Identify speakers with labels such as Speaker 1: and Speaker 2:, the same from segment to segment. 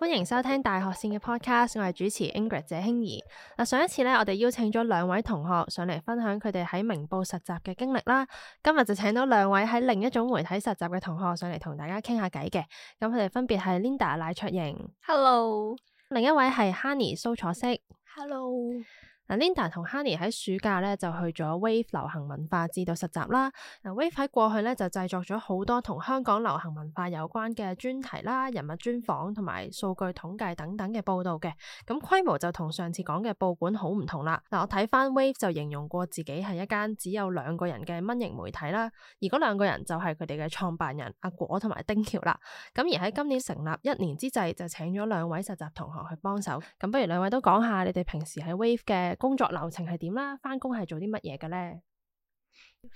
Speaker 1: 歡迎收聽大學線嘅 podcast，我係主持 Ingrid 謝興怡。嗱，上一次咧，我哋邀請咗兩位同學上嚟分享佢哋喺明報實習嘅經歷啦。今日就請到兩位喺另一種媒體實習嘅同學上嚟同大家傾下偈嘅。咁佢哋分別係 Linda 賴卓盈，Hello；另一位係 Hani 蘇楚淅，Hello。Linda 同 Hani 喺暑假咧就去咗 Wave 流行文化誌度實習啦。Wave 喺過去咧就製作咗好多同香港流行文化有關嘅專題啦、人物專訪同埋數據統計等等嘅報道嘅。咁規模就同上次講嘅報館好唔同啦。嗱，我睇翻 Wave 就形容過自己係一間只有兩個人嘅蚊型媒體啦。而嗰兩個人就係佢哋嘅創辦人阿果同埋丁喬啦。咁而喺今年成立一年之際，就請咗兩位實習同學去幫手。咁不如兩位都講下你哋平時喺 Wave 嘅工作流程係點啦？翻工係做啲乜嘢嘅咧？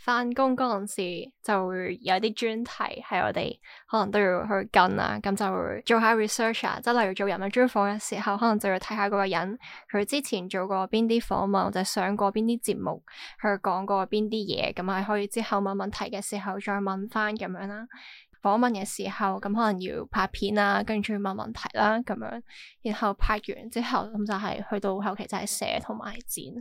Speaker 2: 翻工嗰陣時就會有啲專題係我哋可能都要去跟啊，咁就會做下 research 啊，即係例如做人物專訪嘅時候，可能就要睇下嗰個人佢之前做過邊啲訪問，或者上過邊啲節目去講過邊啲嘢，咁係可以之後問問題嘅時候再問翻咁樣啦。訪問嘅時候，咁可能要拍片啊，跟住問問題啦，啊，咁樣，然後拍完之後，咁就係、是、去到後期就係寫同埋剪，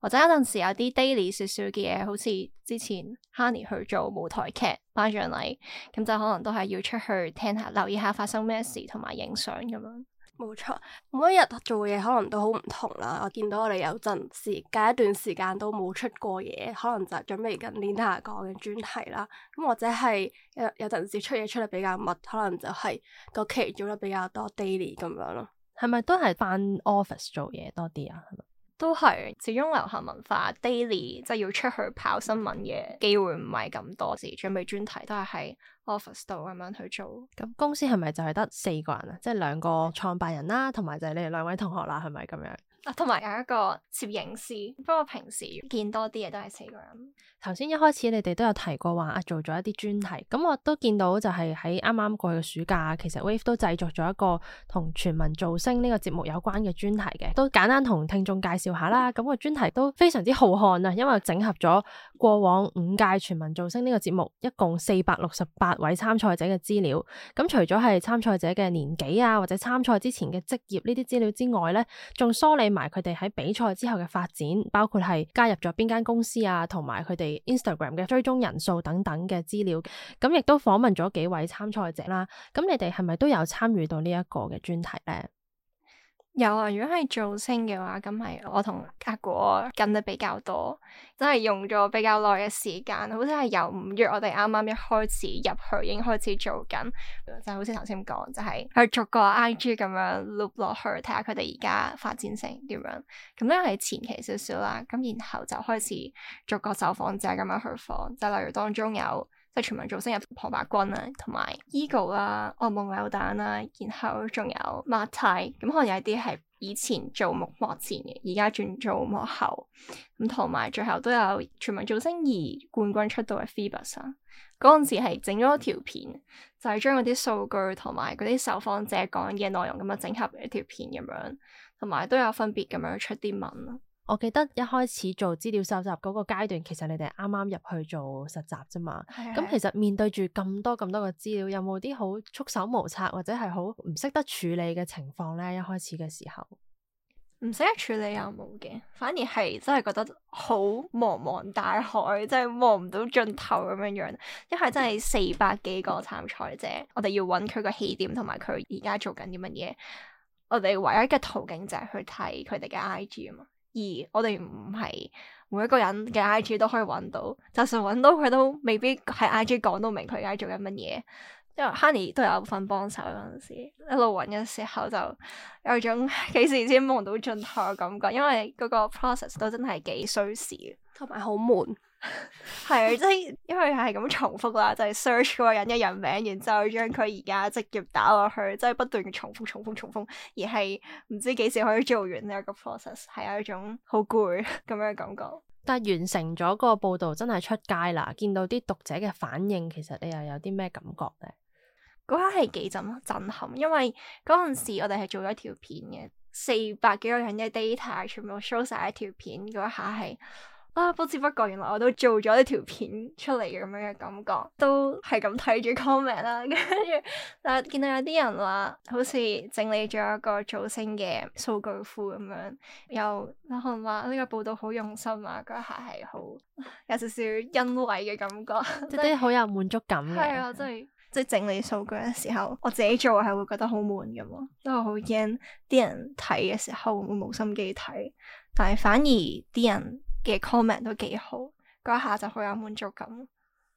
Speaker 2: 或者陣有陣時有啲 daily 少少嘅嘢，好似之前 Hani 去做舞台劇頒獎禮，咁就可能都係要出去聽下，留
Speaker 1: 意下發生咩事，同埋影相咁樣。冇錯，每一日做嘢可能都好唔同啦。我見到我哋有陣時隔一段時間都冇出過嘢，可能就係準備緊連下講嘅專題啦。咁或者係有有陣時出嘢出得比較密，可能就係個期做得比較多 daily 咁樣咯。係咪都係返 office 做嘢多啲啊？都係，始終流行文化 daily 即係要出
Speaker 2: 去跑新聞嘅機會唔係咁多，時準備專題都係喺 office 度咁樣去做。
Speaker 1: 咁公司係咪就係得四個人啊？即係兩個創辦人啦，同埋就係你哋兩位同學啦，係咪咁樣？
Speaker 2: 同埋有一個攝影師。不過平時見多啲嘢都係四個人。
Speaker 1: 頭先一開始你哋都有提過話啊，做咗一啲專題。咁我都見到就係喺啱啱過去嘅暑假，其實 Wave 都製作咗一個同全民造星呢個節目有關嘅專題嘅。都簡單同聽眾介紹下啦。咁個專題都非常之浩瀚啊，因為整合咗過往五屆全民造星呢個節目一共四百六十八位參賽者嘅資料。咁除咗係參賽者嘅年紀啊，或者參賽之前嘅職業呢啲資料之外咧，仲梳理埋佢哋喺比賽之後嘅發展，包括係加入咗邊間公司啊，同埋佢哋 Instagram 嘅追蹤人數等等嘅資料。咁亦都訪問咗幾位參賽者啦。咁你哋係咪都有參與到呢一個嘅專題咧？
Speaker 2: 有啊，如果係造星嘅話，咁係我同阿果跟得比較多，真係用咗比較耐嘅時間，好似係由五月我哋啱啱一開始入去已經開始做緊，就係、好似頭先講，就係、是、去逐個 IG 咁樣 loop 落去睇下佢哋而家發展成點樣，咁都係前期少少啦，咁然後就開始逐個受訪者咁樣去訪，就例如當中有。即係全民造星入旁白君、e、啊，同埋 Eagle 啦、惡夢榴彈啦，然後仲有 m a 馬太，咁可能有啲係以前做幕幕前嘅，而家轉做幕後。咁同埋最後都有全民造星二冠軍出道嘅 Phoebus 啊，嗰陣時係整咗條片，就係、是、將嗰啲數據同埋嗰啲受訪者講嘅內容咁樣整合一條片咁樣，同埋都有分別咁樣出啲文。
Speaker 1: 我記得一開始做資料收集嗰個階段，其實你哋啱啱入去做實習啫嘛。咁係啊，其實面對住咁多咁多嘅資料，有冇啲好束手無策或者係好唔識得處理嘅情況咧？一開始嘅時候，
Speaker 2: 唔識得處理有冇嘅，反而係真係覺得好茫茫大海，真係望唔到盡頭咁樣樣。一係真係四百幾個參賽者，我哋要搵佢個起點，同埋佢而家做緊啲乜嘢。我哋唯一嘅途徑就係去睇佢哋嘅 I G 啊嘛。而我哋唔係每一個人嘅 I G 都可以搵到，就算搵到佢都未必喺 I G 講到明佢而家做緊乜嘢。因為 Honey 都有部分幫手嗰陣時，一路搵嘅時候就有種幾時先望到盡頭嘅感覺，因為嗰個 process 都真係幾需時，同埋好悶。係，即係 因為係咁重複啦，就係、是、search 嗰個人嘅人名，然之後將佢而家職業打落去，即、就、係、是、不斷重複、重複、重複，而係唔知幾時可以做完呢個 process，係有一種好攰咁樣嘅感覺。
Speaker 1: 但係完成咗個報道真係出街啦，見到啲讀者嘅反應，其實你又有啲咩感覺咧？
Speaker 2: 嗰下係幾震震撼，因為嗰陣時我哋係做咗條片嘅，四百幾個人嘅 data 全部 show 晒一條片，嗰下係。啊，不知不覺，原來我都做咗一條片出嚟咁樣嘅感覺，都係咁睇住 comment 啦。跟住嗱，但見到有啲人話，好似整理咗一個造星嘅數據庫咁樣，又可能話呢個報道好用心啊，嗰下係好有少少欣慰嘅感覺，即係好
Speaker 1: 有滿足感嘅、 就是。係 啊，真係即係整理數
Speaker 2: 據嘅時候，我自己做係會覺得好悶噶嘛，又好驚啲人睇嘅時候會冇心機睇，但係反而啲人。嘅 comment 都幾好，嗰下就好有滿足感。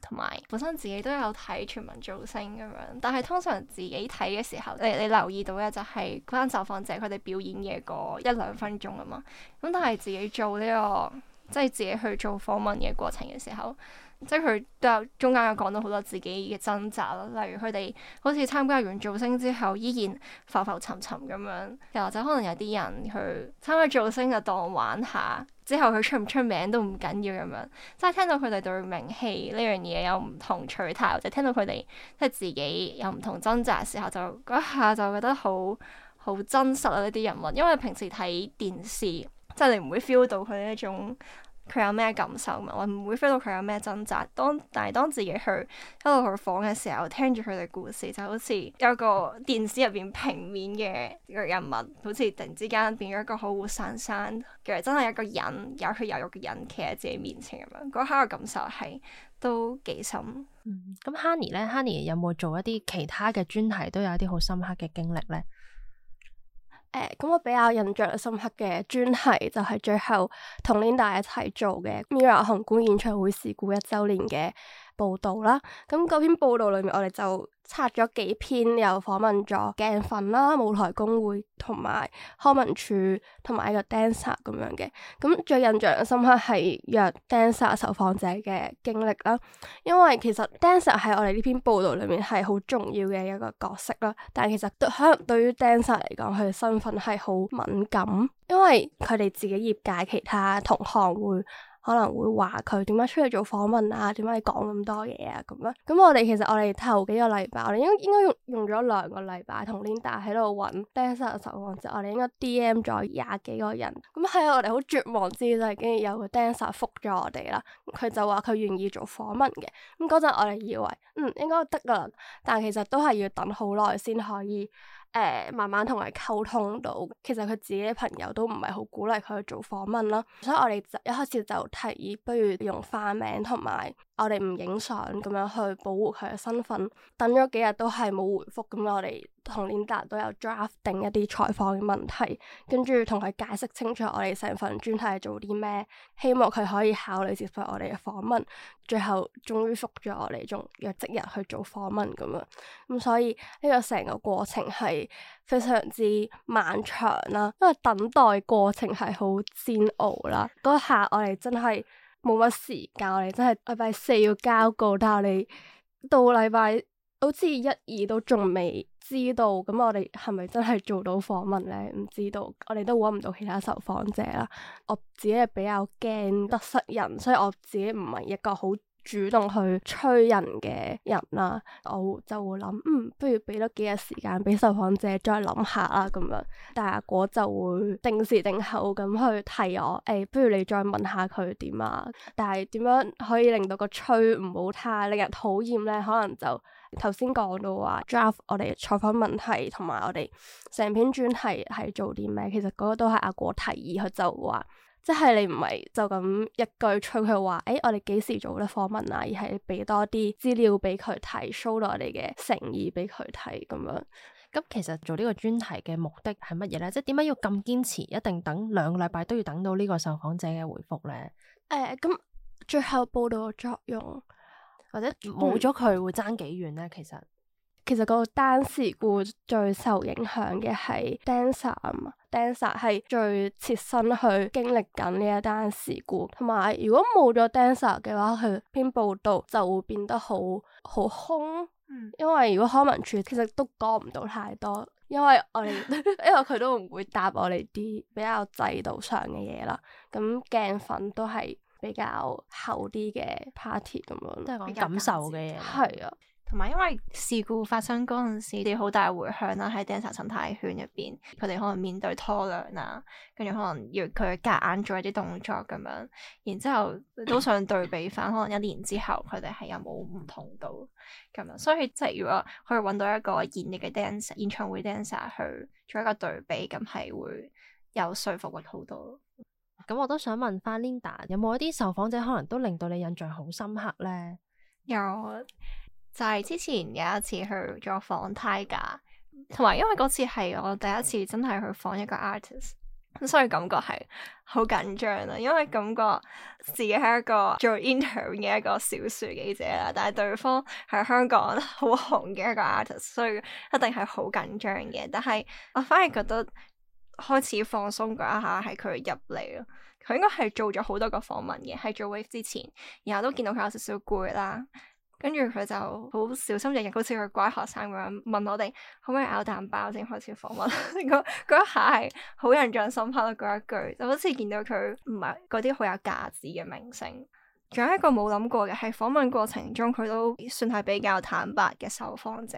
Speaker 2: 同埋本身自己都有睇全民造星咁樣，但係通常自己睇嘅時候，你你留意到嘅就係嗰班受訪者佢哋表演嘅嗰一兩分鐘啊嘛。咁但係自己做呢個即係自己去做訪問嘅過程嘅時候，即係佢都有中間有講到好多自己嘅掙扎啦。例如佢哋好似參加完造星之後，依然浮浮沉沉咁樣，又或者可能有啲人去參加造星就當玩下。之後佢出唔出名都唔緊要咁樣，即係聽到佢哋對名氣呢樣嘢有唔同取態，或者聽到佢哋即係自己有唔同掙扎嘅時候，就嗰下就覺得好好真實啊！呢啲人物，因為平時睇電視，即係你唔會 feel 到佢呢一種。佢有咩感受嘛？我唔會 feel 到佢有咩掙扎。當但係當自己去一路佢房嘅時候，聽住佢哋故事，就好似有個電視入邊平面嘅個人物，好似突然之間變咗一個好活生生嘅真係一個人，有血有肉嘅人企喺自己面前咁樣，嗰刻嘅感受係都幾深。
Speaker 1: 咁、嗯、Hani 咧，Hani 有冇做一啲其他嘅專題都有一啲好深刻嘅經歷咧？誒咁，哎、我比較印象深刻嘅專題就係最後同 Linda 一齊做嘅《Mirror 紅館演唱會事故一週年》嘅。報道啦，咁嗰篇報道裏面，我哋就拆咗幾篇，又訪問咗鏡粉啦、舞台工會同埋康文署同埋一個 dancer 咁樣嘅。咁最印象深刻係約 dancer 受訪者嘅經歷啦，因為其實 dancer 喺我哋呢篇報道裏面係好重要嘅一個角色啦，但係其實對可能對於 dancer 嚟講，佢嘅身份係好敏感，因為佢哋自己業界其他同行會。可能會話佢點解出去做訪問啊？點解你講咁多嘢啊？咁樣，咁我哋其實我哋頭幾個禮拜，應應該用用咗兩個禮拜同 Linda 喺度揾 Dancer 實況者，我哋應該 D.M. 咗廿幾個人。咁喺、啊、我哋好絕望之際，就係竟然有個 Dancer 覆咗我哋啦。佢就話佢願意做訪問嘅。咁嗰陣我哋以為嗯應該得噶啦，但其實都係要等好耐先可以。誒、呃，慢慢同佢溝通到，其實佢自己啲朋友都唔係好鼓勵佢去做訪問啦，所以我哋就一開始就提議，不如用化名，同埋我哋唔影相咁樣去保護佢嘅身份。等咗幾日都係冇回覆咁樣，我哋。同 Linda 都有 draft 定一啲採訪嘅問題，跟住同佢解釋清楚我哋成份專題係做啲咩，希望佢可以考慮接受我哋嘅訪問。最後終於覆咗我哋，仲約即日去做訪問咁樣。咁、嗯、所以呢個成個過程係非常之漫長啦，因為等待過程係好煎熬啦。嗰下我哋真係冇乜時間，我哋真係禮拜四要交稿，但係我哋到禮拜好似一二都仲未知道咁，我哋係咪真係做到訪問呢？唔知道，我哋都揾唔到其他受訪者啦。我自己係比較驚得失人，所以我自己唔係一個好。主動去催人嘅人啦，我就會諗，嗯，不如俾多幾日時間俾受訪者再諗下啦咁樣。但阿果就會定時定候咁去提我，誒、哎，不如你再問下佢點啊？但係點樣可以令到個催唔好太令人討厭咧？可能就頭先講到話 draft 我哋採訪問題同埋我哋成篇專題係做啲咩？其實嗰個都係阿果提議，佢就話。即係你唔係就咁一句催佢話，誒、欸，我哋幾時做咧訪問啊？而係俾多啲資料俾佢睇，show 落我哋嘅誠意俾佢睇咁樣。咁、嗯、其實做呢個專題嘅目的係乜嘢咧？即係點解要咁堅持，一定等兩個禮拜都要等到呢個受訪者嘅回覆咧？誒、呃，咁最後報道嘅作用或者冇咗佢會爭幾遠咧？其實。其實個單事故最受影響嘅係 Dancer 吖嘛。Dancer 係最切身去經歷緊呢一單事故，同埋如果冇咗 Dancer 嘅話，佢篇報道就會變得好好空。嗯，因為如果康文署其實都講唔到太多，因為我哋 因為佢都唔會答我哋啲比較制度上嘅嘢啦。咁鏡粉都係比較厚啲嘅 party 咁樣，即係講感受嘅嘢係啊。
Speaker 2: 同埋，因為事故發生嗰陣時，啲好大回響啦，喺 dancer 生態圈入邊，佢哋可能面對拖累啦，跟住可能要佢夾硬做一啲動作咁樣，然之後都想對比翻， 可能一年之後佢哋係有冇唔同到咁樣？所以即係如果可以揾到一個現役嘅 dancer、演唱會 dancer 去做一個對比，咁係會有說服力好多。
Speaker 1: 咁我都想問翻 Linda，有冇一啲受訪者可能都令到你印象好深刻咧？有。就係之前有一次去做
Speaker 2: 訪 Tiger，同埋因為嗰次係我第一次真係去訪一個 artist，咁所以感覺係好緊張啦，因為感覺自己係一個做 intern 嘅一個小說記者啦，但係對方係香港好紅嘅一個 artist，所以一定係好緊張嘅。但係我反而覺得開始放鬆嗰一下係佢入嚟咯，佢應該係做咗好多個訪問嘅，係做 wave 之前，然後都見到佢有少少攰啦。跟住佢就好小心翼，就好似個乖學生咁樣問我哋可唔可以咬啖包先開始訪問。嗰 嗰一刻係好印象深刻嘅嗰一句，就好似見到佢唔係嗰啲好有價值嘅明星。仲有一個冇諗過嘅係訪問過程中，佢都算係比較坦白嘅受訪者。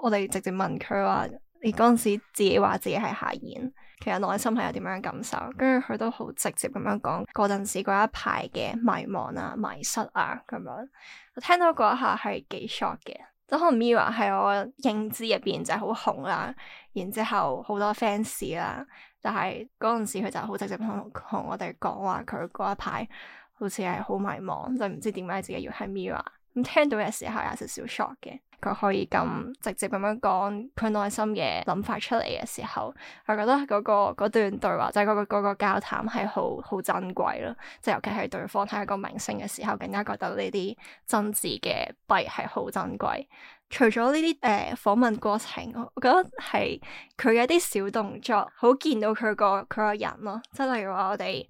Speaker 2: 我哋直接問佢話：你嗰陣時自己話自己係下演。其實內心係有點樣嘅感受，跟住佢都好直接咁樣講嗰陣時嗰一排嘅迷茫啊、迷失啊咁樣，我聽到嗰一下係幾 shock 嘅。就可能 Mirror 係我認知入邊就係好紅啦，然之後好多 fans 啦，但係嗰陣時佢就好直接同同我哋講話佢嗰一排好似係好迷茫，就唔知點解自己要係 Mirror。咁聽到嘅時候有少少 shock 嘅，佢可以咁直接咁樣講佢內心嘅諗法出嚟嘅時候，我覺得嗰個嗰段對話即係嗰個嗰個交談係好好珍貴咯，即係尤其係對方係一個明星嘅時候，更加覺得呢啲真摯嘅弊係好珍貴。除咗呢啲誒訪問過程，我覺得係佢嘅一啲小動作，好見到佢個佢個人咯。即係例如話我哋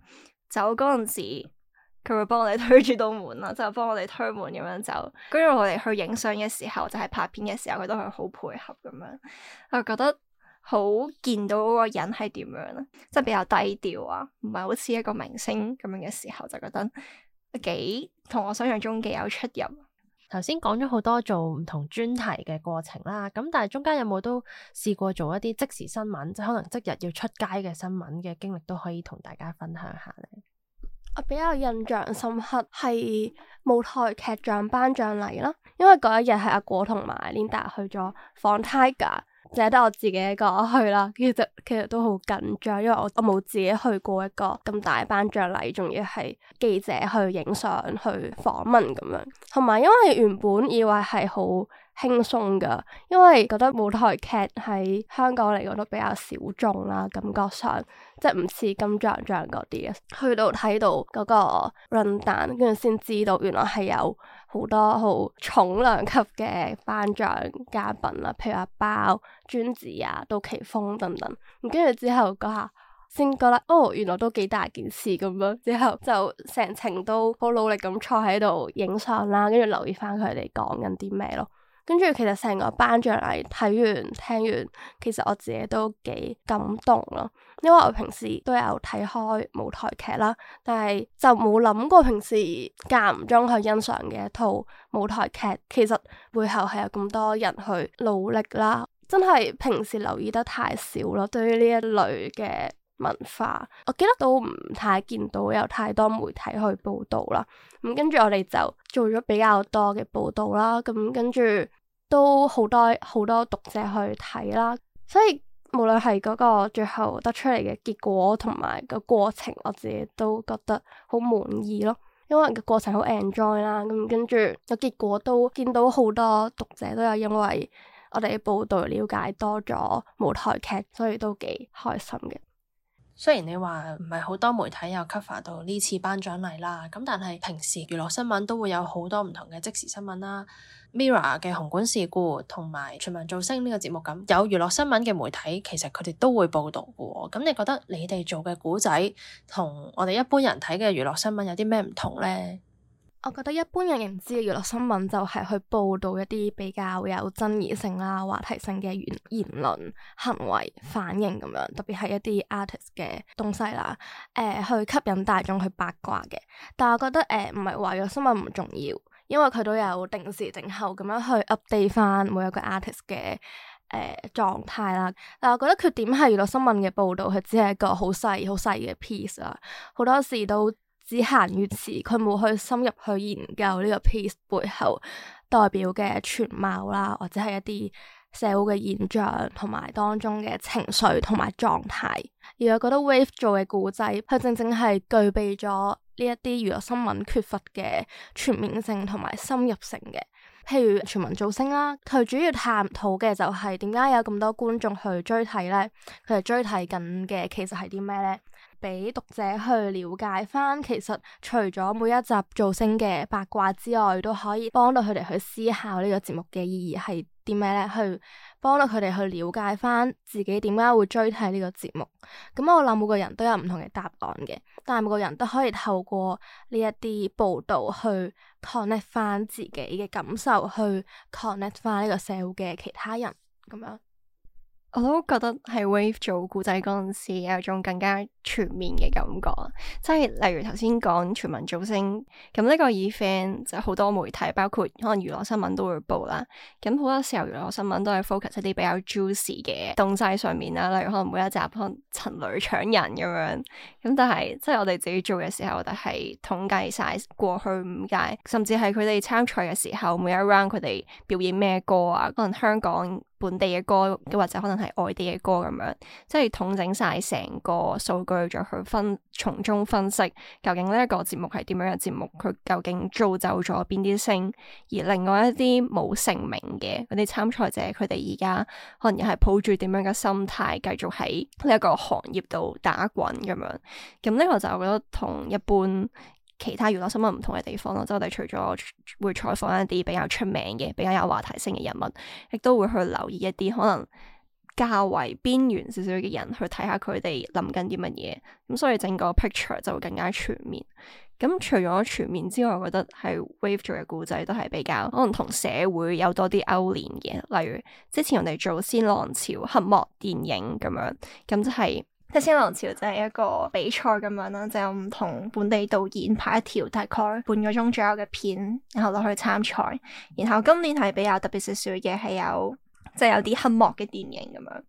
Speaker 2: 走嗰陣時。佢會幫我哋推住道門啦，即係幫我哋推門咁樣走。跟住我哋去影相嘅時候，就係拍片嘅時候，佢都係好配合咁樣。我覺得好見到嗰個人係點樣啦，即係比較低調啊，唔係好似一個明星咁樣嘅時候，就覺得幾同
Speaker 1: 我想象中幾有出入。頭先講咗好多做唔同專題嘅過程啦，咁但係中間有冇都試過做一啲即時新聞，即係可能即日要出街嘅新聞嘅經歷，都可以同大家分享下咧？我比較印象深刻係舞台劇獎頒獎禮啦，因為嗰一日係阿果同埋 Linda 去咗訪 Tiger，剩係得我自己一個去啦。其實其實都好緊張，因為我我冇自己去過一個咁大嘅頒獎禮，仲要係記者去影相、去訪問咁樣，同埋因為原本以為係好。輕鬆噶，因為覺得舞台劇喺香港嚟講都比較小眾啦，感覺上即係唔似金像獎嗰啲，去到睇到嗰個論壇，跟住先知道原來係有好多好重量級嘅頒獎嘉賓啦，譬如阿包、尊子啊、杜琪峯等等。跟住之後嗰下，先覺得哦，原來都幾大件事咁樣，之後就成程都好努力咁坐喺度影相啦，跟住留意返佢哋講緊啲咩咯。跟住，其實成個頒獎禮睇完、聽完，其實我自己都幾感動咯。因為我平時都有睇開舞台劇啦，但係就冇諗過平時間唔中去欣賞嘅一套舞台劇，其實背後係有咁多人去努力啦。真係平時留意得太少咯，對於呢一類嘅文化，我記得都唔太見到有太多媒體去報道啦。咁跟住我哋就做咗比較多嘅報道啦。咁跟住都好多好多讀者去睇啦。所以無論係嗰個最後得出嚟嘅結果同埋個過程，我自己都覺得好滿意咯。因為個過程好 enjoy 啦。咁跟住個結果都見到好多讀者都有因為我哋嘅報道了解多咗舞台劇，所以都幾開心嘅。雖然你話唔係好多媒體有 cover 到呢次頒獎禮啦，咁但係平時娛樂新聞都會有好多唔同嘅即時新聞啦，Mirror 嘅紅館事故同埋全民造星呢個節目咁，有娛樂新聞嘅媒體其實佢哋都會報道嘅。咁你覺得你哋做嘅古仔同我哋一般人睇嘅娛樂新聞有啲咩唔同咧？我覺得一般人認知嘅娛樂新聞就係去報道一啲比較有爭議性啦、話題性嘅言言論、行為反應咁樣，特別係一啲 artist 嘅東西啦，誒、呃、去吸引大眾去八卦嘅。但係我覺得誒唔係話娛樂新聞唔重要，因為佢都有定時定候咁樣去 update 翻每一個 artist 嘅誒狀態啦。但係我覺得缺點係娛樂新聞嘅報道，佢只係一個好細好細嘅 piece 啦，好多時都。只限於此，佢冇去深入去研究呢個 piece 背後代表嘅全貌啦，或者係一啲社會嘅現象同埋當中嘅情緒同埋狀態。而我覺得 wave 做嘅故仔，佢正正係具備咗呢一啲娛樂新聞缺乏嘅全面性同埋深入性嘅。譬如全民造星啦，佢主要探討嘅就係點解有咁多觀眾去追睇咧？佢哋追睇緊嘅其實係啲咩咧？俾讀者去了解翻，其實除咗每一集造星嘅八卦之外，都可以幫到佢哋去思考呢個節目嘅意義係點咩咧？去幫到佢哋去了解翻自己點解會追睇呢個節目。咁我諗每個人都有唔同嘅答案嘅，但係每個人都可以透過呢一啲報導去 connect 翻自己嘅感受，去 connect 翻呢個社會嘅其他人咁樣。
Speaker 2: 我都覺得係 Wave 做故仔嗰陣時有一種更加全面嘅感覺，即係例如頭先講全民造星，咁呢個 event 就好多媒體，包括可能娛樂新聞都會報啦。咁好多時候娛樂新聞都係 focus 一啲比較 juicy 嘅動態上面啦，例如可能每一集可能陳蕾搶人咁樣。咁但係即係我哋自己做嘅時候，我哋係統計晒過去五屆，甚至係佢哋參賽嘅時候，每一 round 佢哋表演咩歌啊，可能香港，本地嘅歌，或者可能係外地嘅歌咁樣，即係統整晒成個數據，再去分從中分析究竟呢一個節目係點樣嘅節目，佢究竟造就咗邊啲星，而另外一啲冇成名嘅嗰啲參賽者，佢哋而家可能又係抱住點樣嘅心態，繼續喺呢一個行業度打滾咁樣。咁呢個就我覺得同一般。其他娛樂新聞唔同嘅地方咯，即係我哋除咗會採訪一啲比較出名嘅、比較有話題性嘅人物，亦都會去留意一啲可能較為邊緣少少嘅人，去睇下佢哋諗緊啲乜嘢。咁、嗯、所以整個 picture 就會更加全面。咁、嗯、除咗全面之外，我覺得係 Wave 做嘅故仔都係比較可能同社會有多啲勾連嘅，例如之前我哋做先浪潮、黑幕電影咁樣，咁就係、是。即係《鮮浪潮》就係一個比賽咁樣啦，就是、有唔同本地導演拍一條大概半個鐘左右嘅片，然後落去參賽。然後今年係比較特別少少嘅，係有即係、就是、有啲黑幕嘅電影咁樣。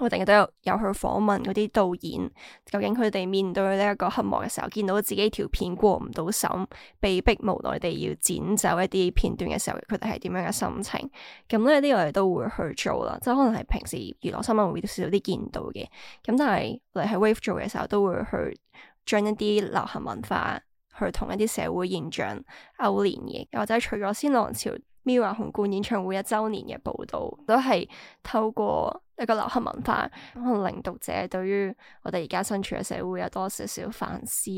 Speaker 2: 我成日都有有去訪問嗰啲導演，究竟佢哋面對呢一個黑幕嘅時候，見到自己條片過唔到審，被逼無奈地要剪走一啲片段嘅時候，佢哋係點樣嘅心情？咁呢啲我哋都會去做啦，即係可能係平時娛樂新聞會少啲見到嘅，咁但係嚟喺 Wave 做嘅時候都會去將一啲流行文化去同一啲社會現象勾連嘅，或者除咗《先浪潮》。Mirror 啊，紅館演唱會一周年嘅報道，都係透過一個流行文化，可能令讀者對於我哋而家身處嘅社
Speaker 1: 會有多少少反思。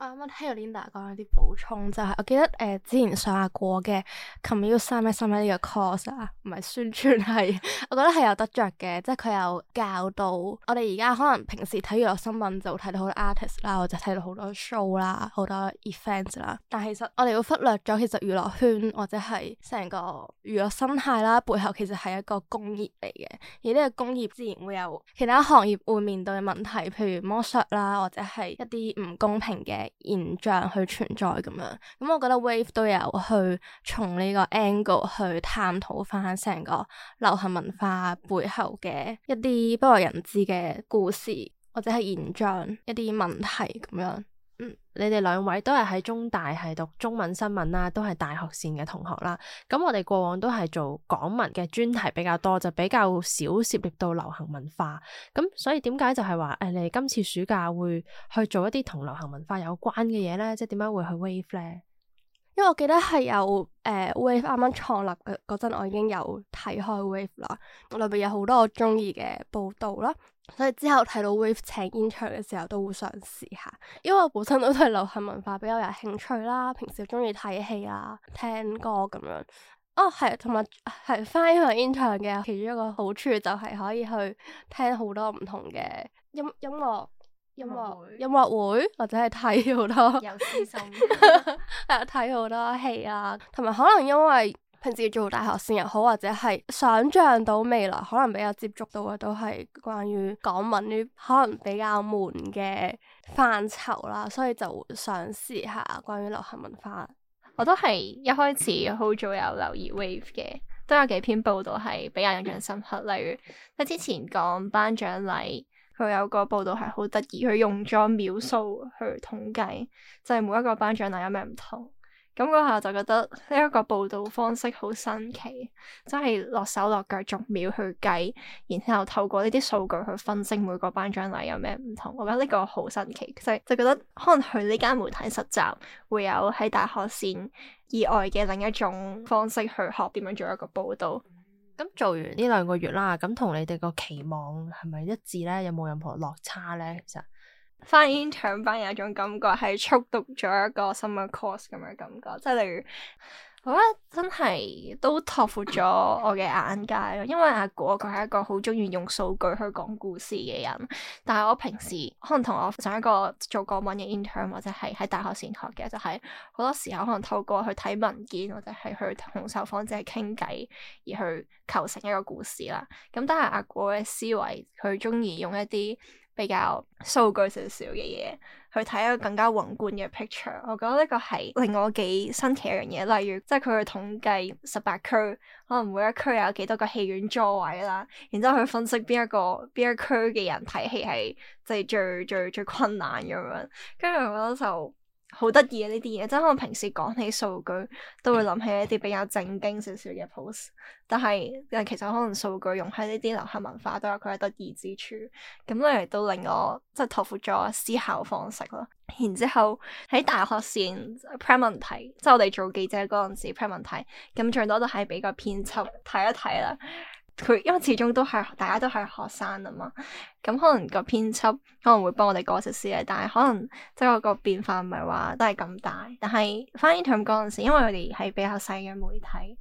Speaker 1: 我啱啱聽完 Linda 講有啲補充，就係、是、我記得誒、呃、之前上下過嘅《Come You Shine》 《Shine》呢個 course 啊，唔係宣傳係， 我覺得係有得着嘅，即係佢有教到我哋而家可能平時睇娛樂新聞就睇到好多 artist 啦，或者睇到好多 show 啦，好多 event 啦。但其實我哋會忽略咗，其實娛樂圈或者係成個娛樂生態啦，背後其實係一個工業嚟嘅，而呢個工業自然會有其他行業會面對嘅問題，譬如剝削啦，或者係一啲唔公平嘅現象去存在咁樣，咁我覺得 Wave 都有去從呢個 Angle 去探討翻成個流行文化背後嘅一啲不為人知嘅故事，或者係現象一啲問題咁樣。你哋兩位都係喺中大係讀中文新聞啦，都係大學線嘅同學啦。咁我哋過往都係做港文嘅專題比較多，就比較少涉獵到流行文化。咁所以點解就係話誒，你哋今次暑假會去做一啲同流行文化有關嘅嘢咧？即係點解會去 Wave 咧？因為我記得係有誒、呃、Wave 啱啱創立嘅嗰陣，我已經有睇開 Wave 啦。我裏邊有好多我中意嘅報導啦。所以之後睇到 Wave 請演唱嘅時候，都會想試下，因為我本身都對流行文化比較有興趣啦，平時中意睇戲啊、聽歌咁樣。哦，係，同埋係翻唱演唱嘅其中一個好處就係可以去聽好多唔同嘅音音樂、音樂音樂會,音樂會或者係睇好多 有私心，係 啊， 睇好多戲啊，同埋可能因為。平時做大學線又好，或者係想像到未來可能比較接觸到嘅都係關於港聞啲可能比較悶嘅範疇啦，所以就想試下關於流行文化。我都係一開始好早有留意 wave 嘅，都有幾篇報道係比
Speaker 2: 較印象深刻，例如即係之前講頒獎禮，佢有個報道係好得意，佢用咗秒數去統計，就係、是、每一個頒獎禮有咩唔同。咁嗰下就覺得呢一個報導方式好新奇，真係落手落腳逐秒去計，然後透過呢啲數據去分析每個頒獎禮有咩唔同。我覺得呢個好新奇，就係就覺得可能去呢間媒體實習，會有喺大學線以外嘅另一種方式去學點樣做一個報導。咁做完
Speaker 1: 呢兩個月啦，咁同你哋個期望係咪一致呢？有冇任何落差呢？其實？翻
Speaker 2: intern 班有一種感覺係速讀咗一個新聞 course 咁嘅感覺，即係例如，我覺得真係都拓闊咗我嘅眼界咯。因為阿果佢係一個好中意用數據去講故事嘅人，但係我平時可能同我上一個做港聞嘅 intern 或者係喺大學先學嘅，就係、是、好多時候可能透過去睇文件或者係去同受訪者傾偈而去構成一個故事啦。咁但係阿果嘅思維，佢中意用一啲。比較數據少少嘅嘢去睇一個更加宏觀嘅 picture，我覺得呢個係令我幾新奇一樣嘢。例如，即係佢去統計十八區，可能每一區有幾多個戲院座位啦，然之後去分析邊一個邊一區嘅人睇戲係即係最最最困難咁樣，跟住我覺得就。好得意啊！呢啲嘢，即係我平時講起數據，都會諗起一啲比較正經少少嘅 post。但係其實可能數據用喺呢啲流行文化都有佢嘅得意之處，咁亦都令我即係拓闊咗思考方式咯。然之後喺大學線 pre 問題，即係 我哋做記者嗰陣時 pre 問題，咁最，最多都係俾個編輯睇一睇啦。佢因為始終都係大家都係學生啊嘛，咁可能個編輯可能會幫我哋改食啲嘢，但係可能即係個變化唔係話都係咁大。但係 final inter 嗰陣時，因為我哋係比較細嘅媒體，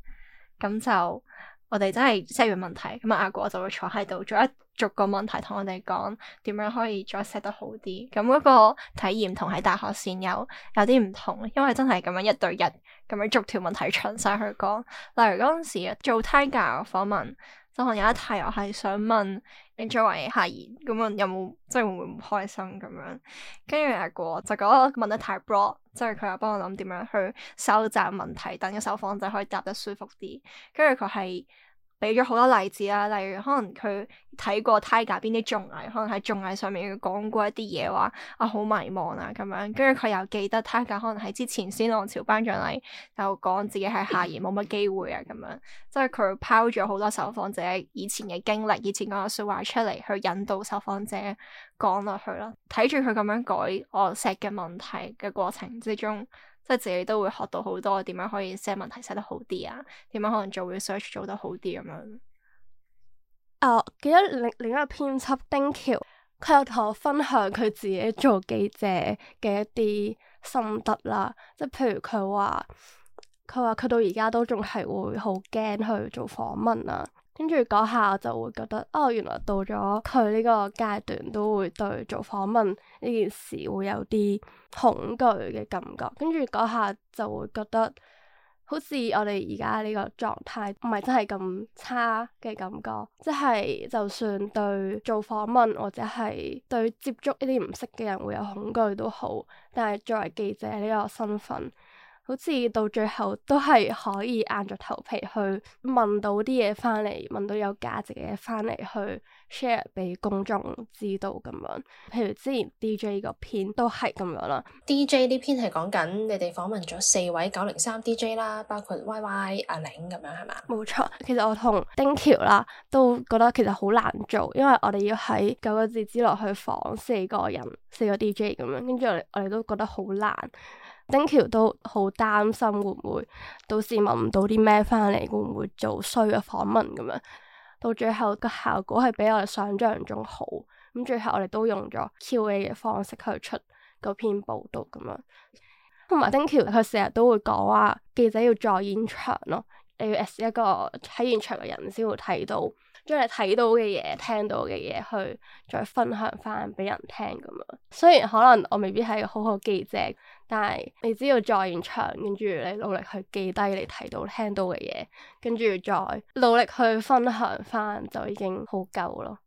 Speaker 2: 咁就我哋真係 set 完問題，咁阿果就會坐喺度，逐一逐個問題同我哋講點樣可以再 set 得好啲。咁嗰個體驗同喺大學線有有啲唔同，因為真係咁樣一對一咁樣逐條問題詳細去講。例如嗰陣時做胎教訪問。收看有一題，我係想問你，作為客言咁樣有冇即係會唔會唔開心咁樣？跟住阿果就覺得問得太 Broad，即係佢話幫我諗點樣去收窄問題，等受訪者可以答得舒服啲。跟住佢係。俾咗好多例子啊，例如可能佢睇過泰格邊啲綜藝，可能喺綜藝上面講過一啲嘢話啊好迷茫啊咁樣，跟住佢又記得泰格可能喺之前先浪潮頒獎禮就講自己係下言冇乜機會啊咁樣，即係佢拋咗好多受訪者以前嘅經歷，以前講嘅說話出嚟去引導受訪者講落去咯，睇住佢咁樣改我寫嘅問題嘅過程之中。即係自己都會學到好多，點樣可以寫問題寫得好啲啊？點樣可能做 research 做得好啲咁樣？
Speaker 1: 啊，記得另另一個編輯丁喬，佢有同我分享佢自己做記者嘅一啲心得啦。即係譬如佢話，佢話佢到而家都仲係會好驚去做訪問啊。跟住嗰下我就會覺得，哦，原來到咗佢呢個階段都會對做訪問呢件事會有啲恐懼嘅感覺。跟住嗰下就會覺得，好似我哋而家呢個狀態唔係真係咁差嘅感覺，即係就算對做訪問或者係對接觸呢啲唔識嘅人會有恐懼都好，但係作為記者呢個身份。好似到最後都係可以硬着頭皮去問到啲嘢翻嚟，問到有價值嘅嘢翻嚟去 share 俾公眾知道咁樣。譬如之前 DJ 個篇都係咁樣啦。DJ 呢篇係講緊你哋訪問咗四位九零三 DJ 啦，包括歪歪阿檸咁樣係嘛？冇錯，其實我同丁條啦都覺得其實好難做，因為我哋要喺九個字之內去訪四個人，四個 DJ 咁樣，跟住我哋我哋都覺得好難。丁喬都好擔心會唔會到時問唔到啲咩翻嚟？會唔會做衰嘅訪問咁樣？到最後個效果係比我哋想象中好，咁最後我哋都用咗 Q&A 嘅方式去出嗰篇報道咁樣，同埋丁喬佢成日都會講話，記者要在現場咯，你要一個喺現場嘅人先會睇到，將你睇到嘅嘢、聽到嘅嘢去再分享翻俾人聽咁樣。雖然可能我未必係好好記者，但係你只要在現場，跟住你努力去記低你睇到、聽到嘅嘢，跟住再努力去分享翻，就已經好夠咯。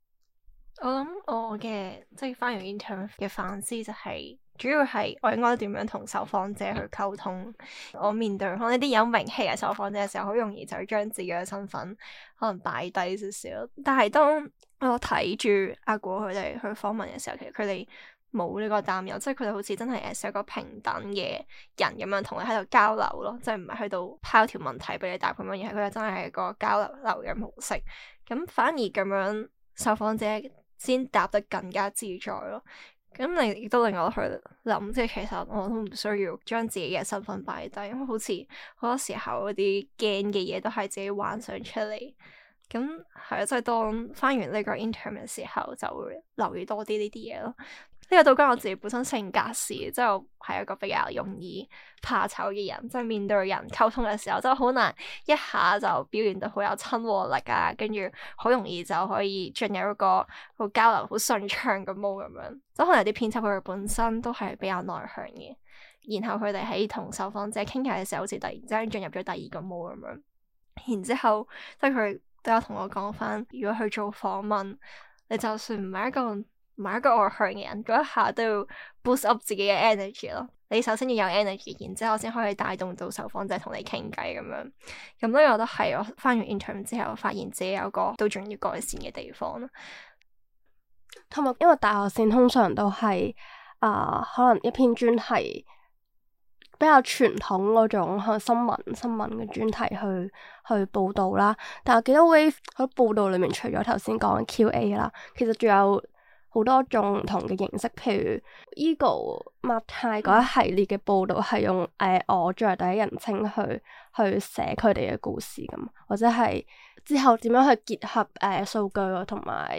Speaker 2: 我諗我嘅即係翻完 intern 嘅反思就係、是。主要係我應該點樣同受訪者去溝通？我面對可能啲有名氣嘅受訪者嘅時候，好容易就將自己嘅身份可能擺低少少。但係當我睇住阿果佢哋去訪問嘅時候，其實佢哋冇呢個擔憂，即係佢哋好似真係誒一個平等嘅人咁樣同你喺度交流咯，即係唔係去到拋條問題俾你答咁樣。而係佢哋真係一個交流流嘅模式，咁反而咁樣受訪者先答得更加自在咯。咁你亦都令我去諗，即係其實我都唔需要將自己嘅身份擺低，因為好似好多時候嗰啲驚嘅嘢都係自己幻想出嚟。咁係啊，即係當翻完呢個 intern 嘅時候，就會留意多啲呢啲嘢咯。呢個都關我自己本身性格事，即係我係一個比較容易怕醜嘅人，即係面對人溝通嘅時候，真係好難一下就表現得好有親和力啊，跟住好容易就可以進入一個好交流好順暢嘅模式咁樣，即可能有啲編輯佢哋本身都係比較內向嘅，然後佢哋喺同受訪者傾偈嘅時候，好似突然之間進入咗第二個模式咁樣，然之後即係佢都有同我講翻，如果去做訪問，你就算唔係一個。買一個外向嘅人，嗰一下都要 boost up 自己嘅 energy 咯。你首先要有 energy，然之後先可以帶動到受訪者同你傾偈咁樣。咁所以我都係我翻完 i n t e r v 之後，發現自己有個都仲要改善嘅地方。
Speaker 1: 同埋因為大學先通常都係啊、呃，可能一篇專題比較傳統嗰種，可能新聞新聞嘅專題去去報導啦。但係幾多 w 喺報導裡面，除咗頭先講 QA 啦，其實仲有。好多種唔同嘅形式，譬如 Eagle、Muttai 嗰一系列嘅報導係用誒、呃、我作為第一人稱去去寫佢哋嘅故事咁，或者係之後點樣去結合誒、呃、數據同埋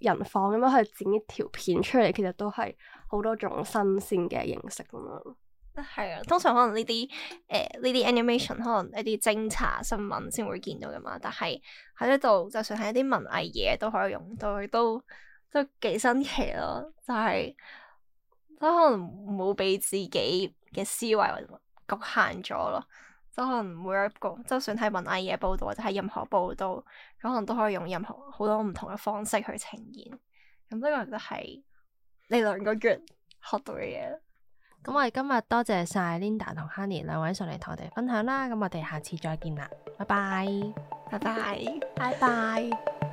Speaker 1: 人訪咁樣去剪一條片出嚟，其實都係好多種新鮮嘅形式咯。係啊，通常
Speaker 2: 可能呢啲誒呢、呃、啲 animation 可能一啲偵查新聞先會見到嘅嘛，但係喺呢度就算係一啲文藝嘢都可以用到，都都。都幾新奇咯，就係、是、都可能冇俾自己嘅思維局限咗咯，就可能每一個，就算係文藝嘢報道或者係任何報道，可能都可以用任何好多唔同嘅方式去呈現。咁、嗯、呢、這個都係你兩個
Speaker 1: 月學到嘅嘢。咁我哋今日多謝晒 Linda 同 Hani 兩位上嚟同我哋分享啦，咁我哋下次再見啦，拜拜，拜拜，拜拜。